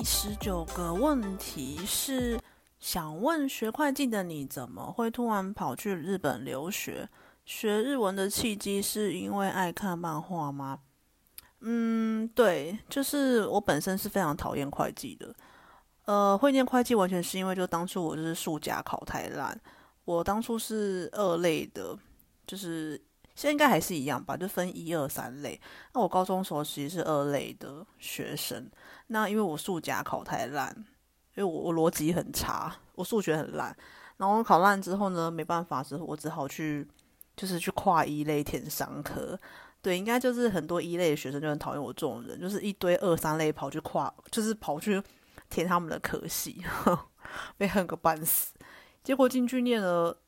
第十九個問題是，想問學會計的你怎麼會突然跑去日本留學？學日文的契機是因為愛看漫畫嗎？嗯，對，就是我本身是非常討厭會計的。呃，會念會計完全是因為就當初我就是數甲考太爛，我當初是二類的，就是。現在應該還是一樣吧，就分一二三類。那我高中時候其實是二類的學生，那因為我數甲考太爛，因為我我邏輯很差，我數學很爛。然後我考爛之後呢，沒辦法，之後我只好去就是去跨一類填商科。對，應該就是很多一類的學生就很討厭我這種人，就是一堆二三類跑去跨，就是跑去填他們的科系，呵呵被恨個半死。結果進去念了。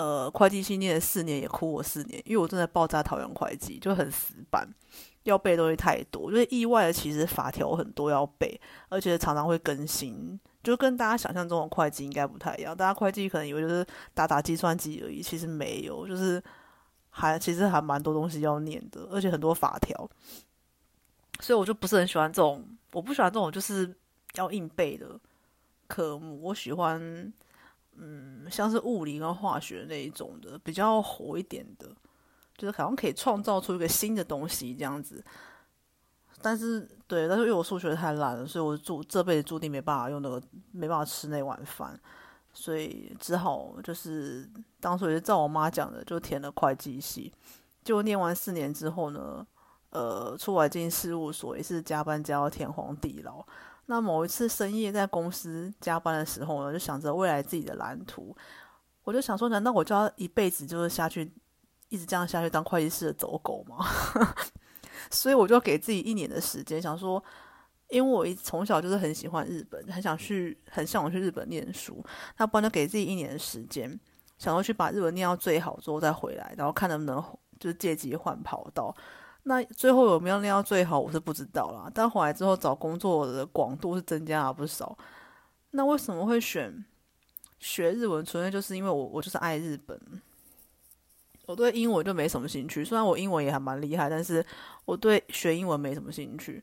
呃，會計系念了四年也哭我四年，因為我正在爆炸討厭會計，就很死板，要背東西太多。因為意外的，其實法條很多要背，而且常常會更新，就跟大家想象中的會計應該不太一樣。大家會計可能以為就是打打計算機而已，其實沒有，就是還其實還蠻多東西要念的，而且很多法條。所以我就不是很喜歡這種，我不喜歡這種就是要硬背的科目，我喜歡。嗯，像是物理跟化學那一種的，比較活一點的，就是好像可以創造出一個新的東西這樣子。但是，對，但是因為我數學太爛了，所以我注這輩子注定沒辦法用那個，沒辦法吃那碗飯，所以只好就是當初也是照我媽講的，就填了會計系。就念完四年之後呢，呃，出來進事務所也是加班加到天荒地老。那某一次深夜在公司加班的時候呢，我就想着未來自己的藍圖，我就想說，難道我就要一輩子就是下去，一直這樣下去當會計師的走狗嗎？ 所以我就給自己一年的時間，想說，因為我從小就是很喜歡日本，很想去，很向往去日本念書。那不然就給自己一年的時間，想要去把日文念到最好之後再回來，然後看能不能就是借機換跑道。那最後有沒有練到最好，我是不知道啦。但回來之後找工作的廣度是增加了不少。那為什麼會選學日文？純粹就是因為我我就是愛日本。我對英文就沒什麼興趣，雖然我英文也還蠻厲害，但是我對學英文沒什麼興趣。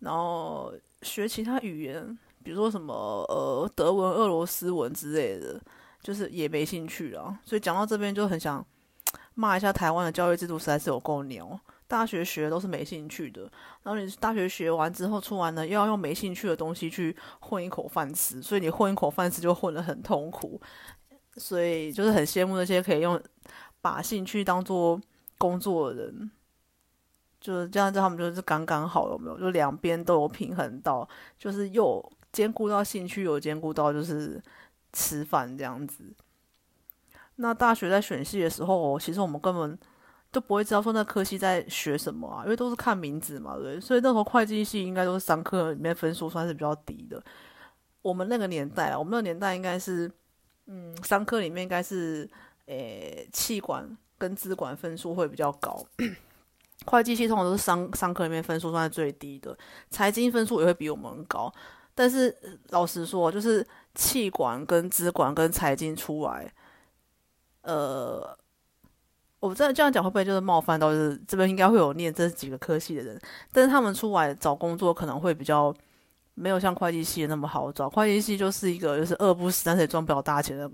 然後學其他語言，比如說什麼呃、德文、俄羅斯文之類的，就是也沒興趣啦。所以講到這邊就很想罵一下台灣的教育制度，實在是有夠鳥。大學學都是沒興趣的，然後你大學學完之後出來呢，又要用沒興趣的東西去混一口飯吃，所以你混一口飯吃就混得很痛苦，所以就是很羨慕那些可以用把興趣當做工作的人，就是這樣子，他們就是剛剛好有沒有？就兩邊都有平衡到，就是又兼顧到興趣，又兼顧到就是吃飯這樣子。那大學在選系的時候，哦，其實我們根本。都不會知道說那科系在學什麼啊，因為都是看名字嘛，對。所以那時候會計系應該都是商科裡面分數算是比較低的。我們那個年代啊，我們那個年代應該是，嗯，商科裡面應該是，呃，企管跟資管分數會比較高， 會計系通常都是商商科裡面分數算是最低的。財經分數也會比我們很高，但是老實說，就是企管跟資管跟財經出來，呃。我不知道這樣講會不會就是冒犯到，就是這邊應該會有念這幾個科系的人，但是他們出來找工作可能會比較沒有像會計系的那麼好找。會計系就是一個就是餓不死，但是也賺不了大錢的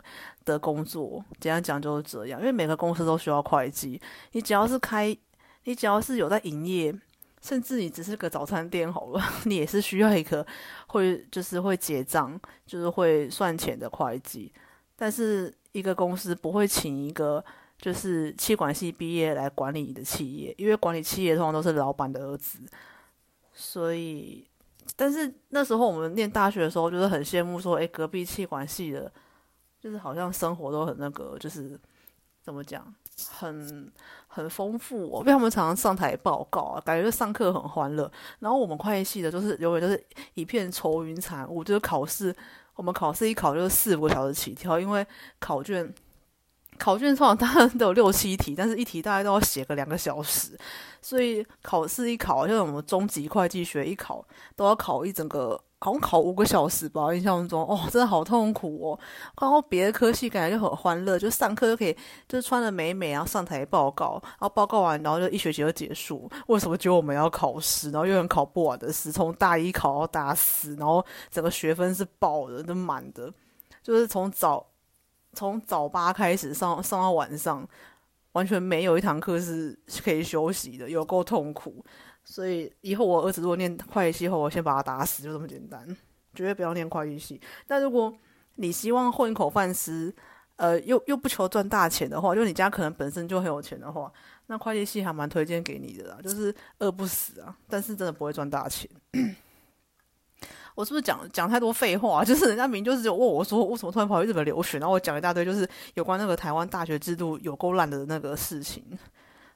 的工作。簡單講就是這樣，因為每個公司都需要會計。你只要是開，你只要是有在營業，甚至你只是個早餐店好了，你也是需要一個會就是會結賬，就是會算錢的會計。但是一個公司不會請一個。就是企管系畢業來管理你的企業，因為管理企業通常都是老闆的兒子，所以，但是那時候我們念大學的時候，就是很羨慕說，誒，隔壁企管系的，就是好像生活都很那個，就是怎麼講，很很豐富，我因為他們常常上台報告，啊，感覺上課很歡樂。然後我們會計系的，就是永遠都是一片愁雲慘霧，就是考試，我們考試一考就是四五個小時起跳，因為考卷。考卷通常當然都有六七題，但是一題大概都要寫個兩個小時，所以考試一考，就像我們中級會計學一考，都要考一整個，好像考五個小時吧，把印象中哦，真的好痛苦哦。然後別的科系感覺就很歡樂，就上課就可以，就穿得美美，然後上台報告，然後報告完，然後就一學期就結束。為什麼只有我們要考試？然後又很考不完的試，從大一考到大四，然後整個學分是爆的，都滿的，就是從早。從早八開始上，上到晚上，完全沒有一堂課是可以休息的，有夠痛苦。所以以後我兒子如果念會計系，後我先把他打死，就這麼簡單。絕對不要念會計系。但如果你希望混口飯吃，呃，又又不求賺大錢的話，就你家可能本身就很有錢的話，那會計系還蠻推薦給你的啦，就是餓不死啊。但是真的不會賺大錢。 我是不是講講太多廢話啊？就是人家明就是問我說，我為什麼突然跑去日本留學？然後我講一大堆，就是有關那個台灣大學制度有夠爛的那個事情。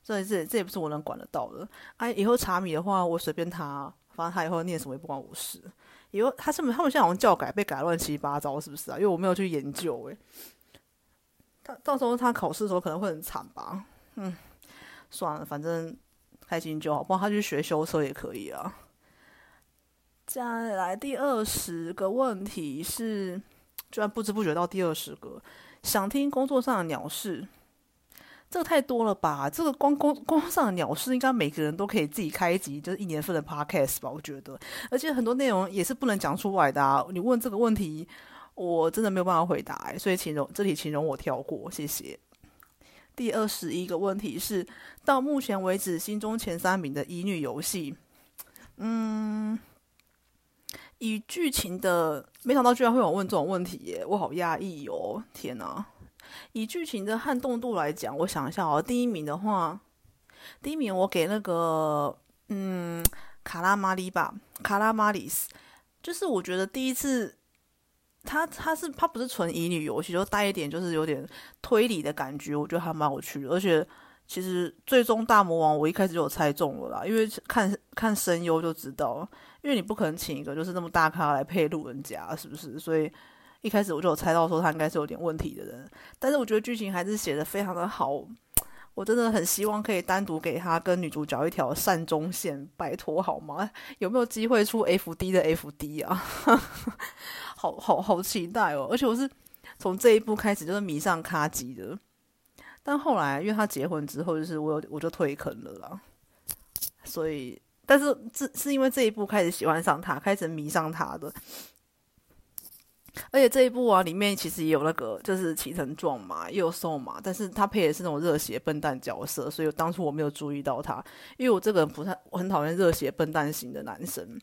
所以這這也不是我能管得到的。哎，啊，以後查米的話，我隨便他，反正他以後念什麼也不關我事。以後他是不是他們現在好像教改被改亂七八糟，是不是啊？因為我沒有去研究欸。哎，他到時候他考試的時候可能會很慘吧？嗯，算了，反正開心就好。不過他去學修車也可以啊。再來第二十個問題是，居然不知不覺到第二十個，想聽工作上的鳥事，這個太多了吧？這個光工工作上的鳥事，應該每個人都可以自己開一集，就是一年份的 podcast 吧？我覺得，而且很多內容也是不能講出來的、啊。你問這個問題，我真的沒有辦法回答、欸，所以請容這裡請容我跳過，謝謝。第二十一個問題是，是到目前為止心中前三名的乙女遊戲，嗯。以劇情的，沒想到居然會有人問這種問題耶，我好壓抑喲！天啊！以劇情的撼動度來講，我想一下哦、喔，第一名的話，第一名我給那個，嗯，卡拉瑪利吧，卡拉瑪利斯，就是我覺得第一次，他他是他不是純乙女遊戲，就帶一點就是有點推理的感覺，我覺得還蠻有趣的。而且其實最終大魔王，我一開始就有猜中了啦，因為看看聲優就知道。因為你不可能請一個就是那麼大咖來配路人甲，是不是？所以一開始我就有猜到說他應該是有點問題的人，但是我覺得劇情還是寫得非常的好，我真的很希望可以單獨給他跟女主角一條善終線，拜託好嗎？有沒有機會出 F D 的 F D 啊？ 好好好期待哦！而且我是從這一部開始就是迷上咖基的，但後來因為他結婚之後，就是我有我就退坑了啦，所以。但是這是，是因為這一部開始喜歡上他，開始迷上他的。而且這一部啊，裡面其實也有那個，就是齊藤壯馬，也有瘦馬，但是他配的是那種熱血笨蛋角色，所以當初我沒有注意到他，因為我這個人不太，我很討厭熱血笨蛋型的男生，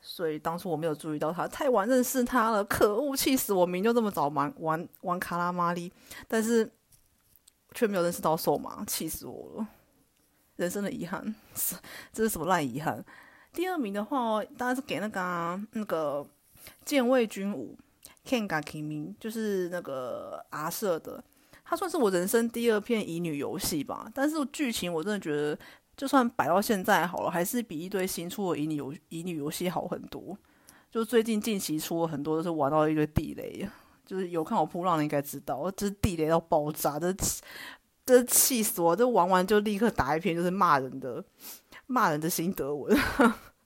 所以當初我沒有注意到他，太晚認識他了，可惡，氣死我！明明就這麼早玩玩玩卡拉馬利，但是卻沒有認識到瘦馬，氣死我了。人生的遺憾，這是什麼爛遺憾？第二名的話、哦，當然是給那個、啊、那個劍衛軍武 Kinga Kim，就是那個 R 社的。他算是我人生第二片乙女遊戲吧。但是劇情我真的覺得，就算擺到現在好了，還是比一堆新出的乙女遊乙女遊戲好很多。就最近近期出了很多，都是玩到一堆地雷。就是有看我噗浪的應該知道，這、就是、地雷要爆炸，這、就是。真氣死我！就玩完就立刻打一篇，就是罵人的、罵人的心得文。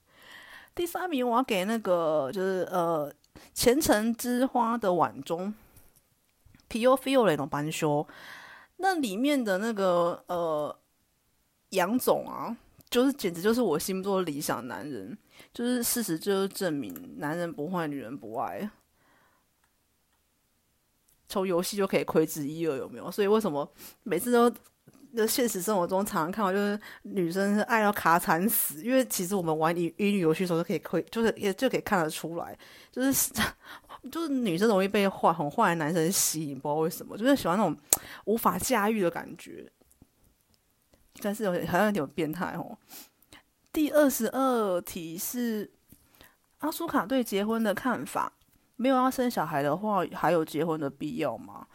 第三名，我要給那個就是呃《虔誠之花的晚鐘》，Piofiore no Banshou，那裡面的那個呃楊總啊，就是簡直就是我心目中的理想男人，就是事實就是證明，男人不壞，女人不愛。從遊戲就可以窺知一二有沒有？所以為什麼每次都，那現實生活中常常看到就是女生是愛到卡慘死？因為其實我們玩乙乙女遊戲的時候就可以窺，就是也就，就可以看得出來，就是就是女生容易被壞很壞的男生吸引，不知道為什麼，就是喜歡那種無法駕馭的感覺。但是有好像有點變態哦。第二十二題是阿蘇卡對結婚的看法。沒有要、啊、生小孩的話，還有結婚的必要嗎？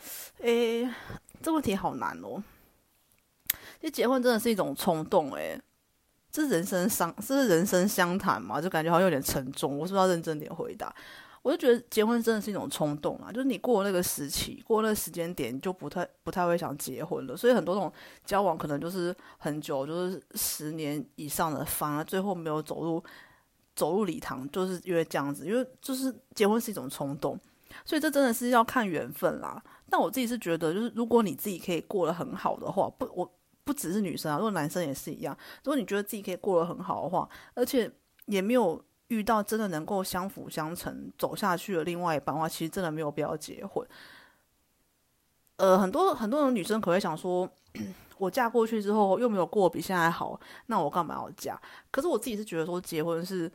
誒，這問題好難哦。其實結婚真的是一種衝動，誒，這是人生相，這是人生相談嘛，就感覺好像有點沉重。我是不是要認真點回答？我就覺得結婚真的是一種衝動啊。就是你過那個時期，過那個時間點，就不太不太會想結婚了。所以很多那種交往可能就是很久，就是十年以上的，反而最後沒有走入。走入禮堂，就是因為這樣子，因為就是結婚是一種衝動，所以這真的是要看緣分啦。但我自己是覺得，就是如果你自己可以過得很好的話，不，我不只是女生啊，如果男生也是一樣，如果你覺得自己可以過得很好的話，而且也沒有遇到真的能夠相輔相成走下去的另外一半的話，其實真的沒有必要結婚。呃，很多很多的女生可能會想說， 我嫁過去之後又沒有過比現在好，那我幹嘛要嫁？可是我自己是覺得說，結婚是。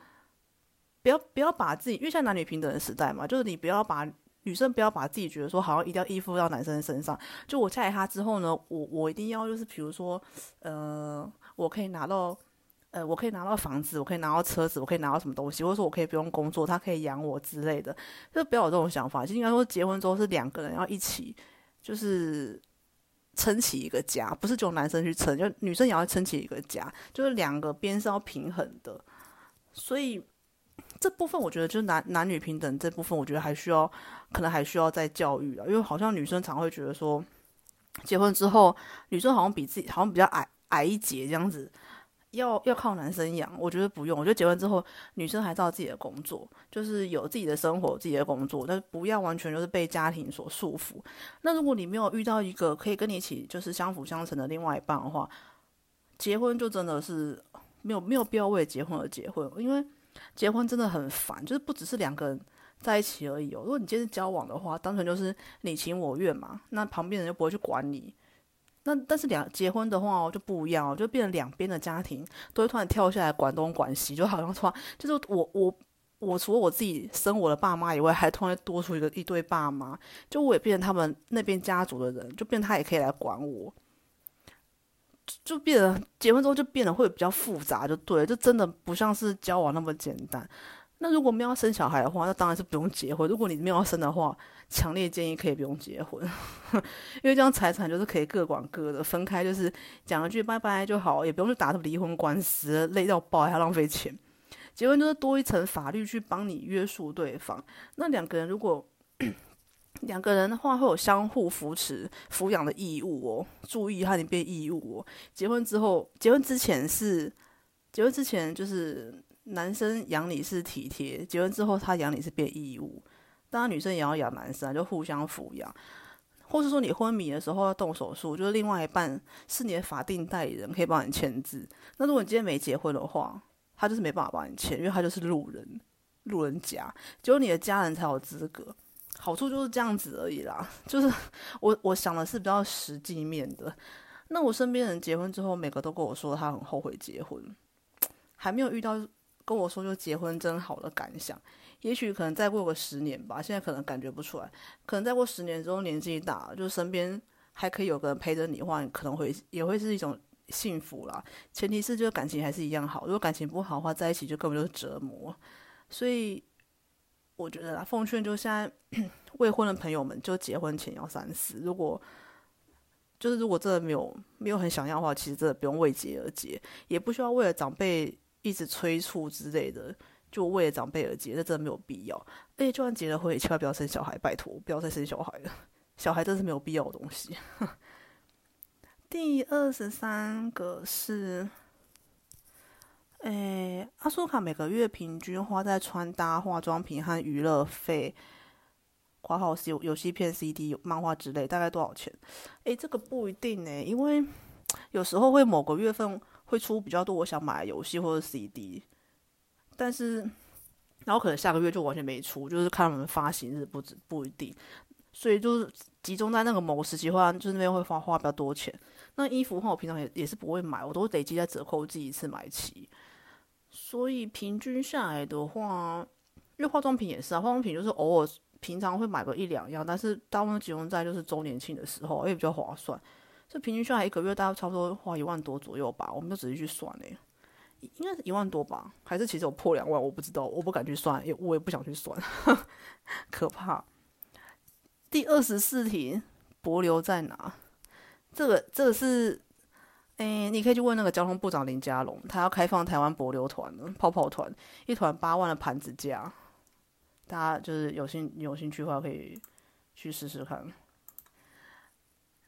不要不要把自己，因為在男女平等的時代嘛，就是你不要把女生不要把自己覺得說，好像一定要依附到男生身上。就我嫁給他之後呢，我我一定要就是比如說，呃，我可以拿到，呃，我可以拿到房子，我可以拿到車子，我可以拿到什麼東西，或者說我可以不用工作，他可以養我之類的。就不要有這種想法，就應該說結婚之後是兩個人要一起，就是撐起一個家，不是只有男生去撐，就女生也要撐起一個家，就是兩個邊是要平衡的，所以。這部分我覺得就是男男女平等這部分，我覺得還需要，可能還需要再教育了。因為好像女生常會覺得說，結婚之後，女生好像比自己好像比較矮矮一截，這樣子，要要靠男生養。我覺得不用，我覺得結婚之後，女生還照自己的工作，就是有自己的生活、自己的工作，但不要完全就是被家庭所束縛。那如果你沒有遇到一個可以跟你一起就是相輔相成的另外一半的話，結婚就真的是沒有沒有必要為結婚而結婚，因為。結婚真的很煩，就是不只是兩個人在一起而已哦。如果你今天交往的話，單純就是你情我願嘛，那旁邊人就不會去管你。那但是兩結婚的話，哦，就不一樣，哦，就變成兩邊的家庭都會突然跳下來管東管西，就好像突然就是我我我除了我自己生我的爸媽以外，還突然多出一個一對爸媽，就我也變成他們那邊家族的人，就變成他也可以來管我。就變得結婚之後就變得會比較複雜，就對了，就真的不像是交往那麼簡單。那如果沒有要生小孩的話，那當然是不用結婚。如果你沒有要生的話，強烈建議可以不用結婚， 因為這樣財產就是可以各管各的，分開就是講一句拜拜就好，也不用去打什麼離婚官司，累到爆還要浪費錢。結婚就是多一層法律去幫你約束對方。那兩個人如果。 兩個人的話會有相互扶持、撫養的義務哦，注意你變義務哦。結婚之後，結婚之前是結婚之前就是男生養你是體貼，結婚之後他養你是變義務。當然，女生也要養男生啊，就互相撫養。或是說你昏迷的時候要動手術，就是另外一半是你的法定代理人，可以幫你簽字。那如果你今天沒結婚的話，他就是沒辦法幫你簽，因為他就是路人、路人甲，只有你的家人才有資格。好處就是這樣子而已啦，就是我我想的是比較實際面的。那我身邊人結婚之後，每個都跟我說他很後悔結婚，還沒有遇到跟我說就結婚真好的感想。也許可能再過個十年吧，現在可能感覺不出來，可能再過十年之後年紀大了，就是身邊還可以有個人陪着你的話，可能會也會是一種幸福啦。前提是就是感情還是一樣好，如果感情不好的話，在一起就根本就是折磨，所以，我覺得啦，奉勸就現在未婚的朋友們，就結婚前要三思。如果就是如果真的沒有沒有很想要的話，其實真的不用為結而結，也不需要為了長輩一直催促之類的，就為了長輩而結，那真的沒有必要。而且就算結了婚，也千萬不要生小孩，拜託，不要再生小孩了，小孩真是沒有必要的東西。第二十三個是，誒、欸，阿蘇卡每個月平均花在穿搭、化妝品和娛樂費（包括有遊戲片、CD、漫畫之類）大概多少錢？誒、欸，這個不一定誒、欸，因為有時候會某個月份會出比較多，我想買遊戲或者 CD，但是然後可能下個月就完全沒出，就是看我們發行日，不止不一定。所以就是集中在那個某時期，花就就是，那邊會花花比較多錢。那衣服的話，我平常也也是不會買，我都累積在折扣，自己一次買齊。所以平均下來的話，因為化妝品也是啊，化妝品就是偶爾平常會買個一兩樣，但是大部分集中在就是周年慶的時候也比較划算。所以平均下來一個月大概差不多花一萬多左右吧，我們就直接去算了，欸、應該是一萬多吧，還是其實我破兩萬，我不知道，我不敢去算，也我也不想去算， 可怕。第二十四題，帛琉在哪？這個這個是。哎，你可以去問那個交通部長林佳龍，他要開放台灣博流團、泡泡團，一團八萬的盤子價。大家就是有興有興趣的話，可以去試試看。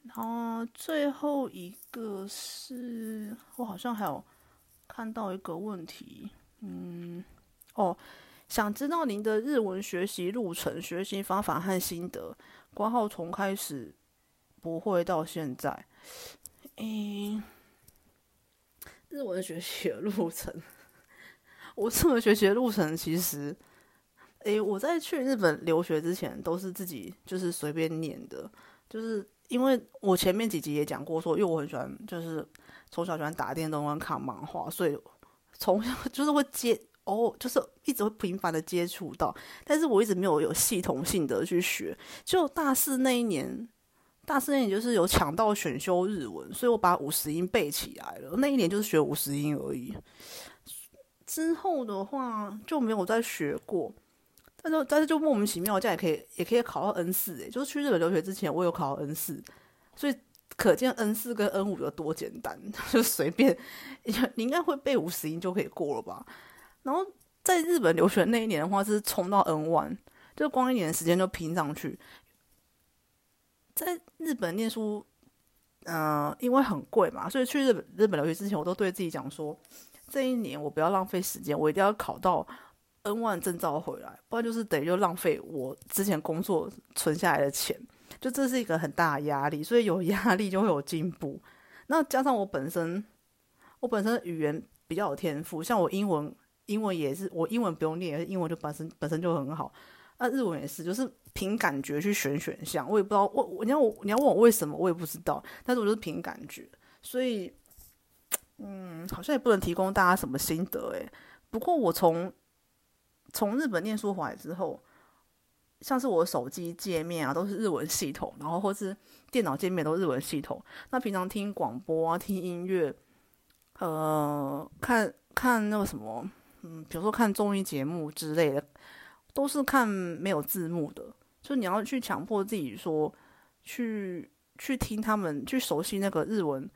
然後最後一個是我好像還有看到一個問題，嗯，哦，想知道您的日文學習路程、學習方法和心得。關浩從開始不會到現在，嗯日文學習的路程，我這麼學習的路程其實，誒、欸，我在去日本留學之前都是自己就是隨便念的，就是因為我前面幾集也講過說，說因為我很喜歡，就是從小喜歡打電動跟看漫畫，所以從小就是會接，哦，就是一直會頻繁的接觸到，但是我一直沒有有系統性的去學，就大四那一年。大四那年，也就是有搶到選修日文，所以我把五十音背起來了。那一年就是學五十音而已，之後的話就沒有再學過。但是但是就莫名其妙，這樣也可以也可以考到 N 四，哎、欸，就是去日本留學之前，我有考到 N 四，所以可見 N 四跟 N 五有多簡單，就隨便，你應該會背五十音就可以過了吧。然後在日本留學那一年的話，是衝到 N one，就光一年的時間就拼上去。在日本念書，嗯、呃，因為很貴嘛，所以去日本日本留學之前，我都對自己講說，這一年我不要浪費時間，我一定要考到 N1 證照回來，不然就是等於就浪費我之前工作存下來的錢，就這是一個很大的壓力。所以有壓力就會有進步。那加上我本身，我本身語言比較有天賦，像我英文，英文也是我英文不用念，英文就本身本身就很好。那、啊、日文也是，就是憑感覺去選選項，我也不知道。我，我你要你要問我為什麼，我也不知道。但是，我就是憑感覺，所以，嗯，好像也不能提供大家什麼心得誒、欸，不過我，我從從日本念書回來之後，像是我手機界面啊，都是日文系統，然後或是電腦界面都是日文系統。那平常聽廣播啊，聽音樂，呃，看看那個什麼，嗯，比如說看綜藝節目之類的。都是看沒有字幕的，就你要去強迫自己說，去去聽他們，去熟悉那個日文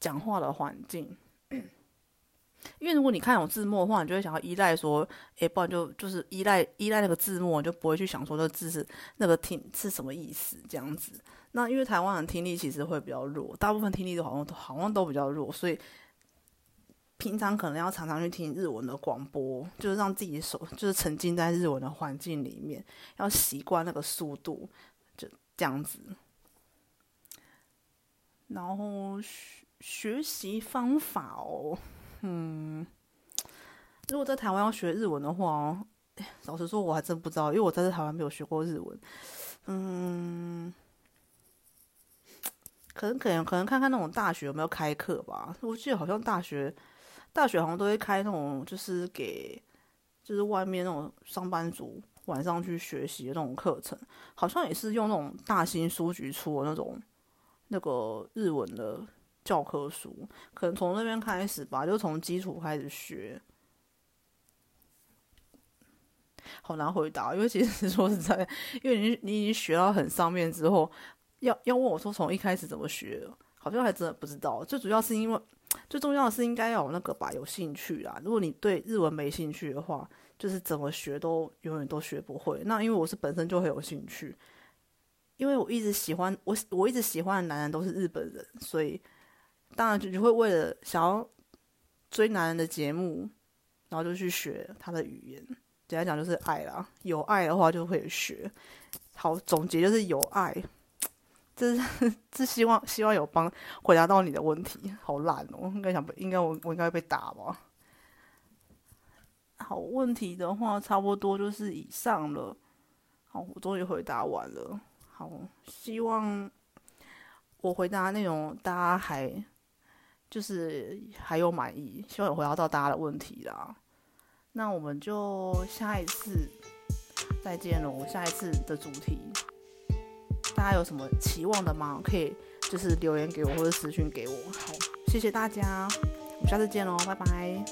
講話的環境。 因為如果你看有字幕的話，你就會想要依賴說，哎、欸，不然就就是依賴依賴那個字幕，你就不會去想說這字是那個聽是什麼意思這樣子。那因為台灣人聽力其實會比較弱，大部分聽力都好像好像都比較弱，所以。平常可能要常常去聽日文的廣播，就是讓自己手就是沉浸在日文的環境裡面，要習慣那個速度，就這樣子。然後學學習方法哦，嗯，如果在台灣要學日文的話，老實說我還真不知道，因為我在這台灣沒有學過日文，嗯，可能可能可能看看那種大學有沒有開課吧，我記得好像大學。大學好像都會開那種，就是給，就是外面那種上班族晚上去學習的那種課程，好像也是用那種大新書局出的那種那個日文的教科書，可能從那邊開始吧，就從基礎開始學。好難回答，因為其實說實在，因為你你已經學到很上面之後，要要問我說從一開始怎麼學，好像還真的不知道。最主要是因為。最重要的是應該要有那個吧，有興趣啦。如果你對日文沒興趣的話，就是怎麼學都永遠都學不會。那因為我是本身就很有興趣，因為我一直喜歡我，我一直喜歡的男人都是日本人，所以當然就就會為了想要追男人的節目，然後就去學他的語言。簡單講就是愛啦，有愛的話就會學。好，總結就是有愛。這是，這是希望希望，有幫回答到你的問題，好懶哦、喔，應該想被，應該我我應該會被打吧？好，問題的話差不多就是以上了。好，我終於回答完了。好，希望我回答內容大家還就是還有滿意，希望有回答到大家的問題啦。那我們就下一次再見了。我下一次的主題。大家有什麼期望的嗎？可以就是留言給我，或者私訊給我。好，謝謝大家，我們下次見嘍，拜拜。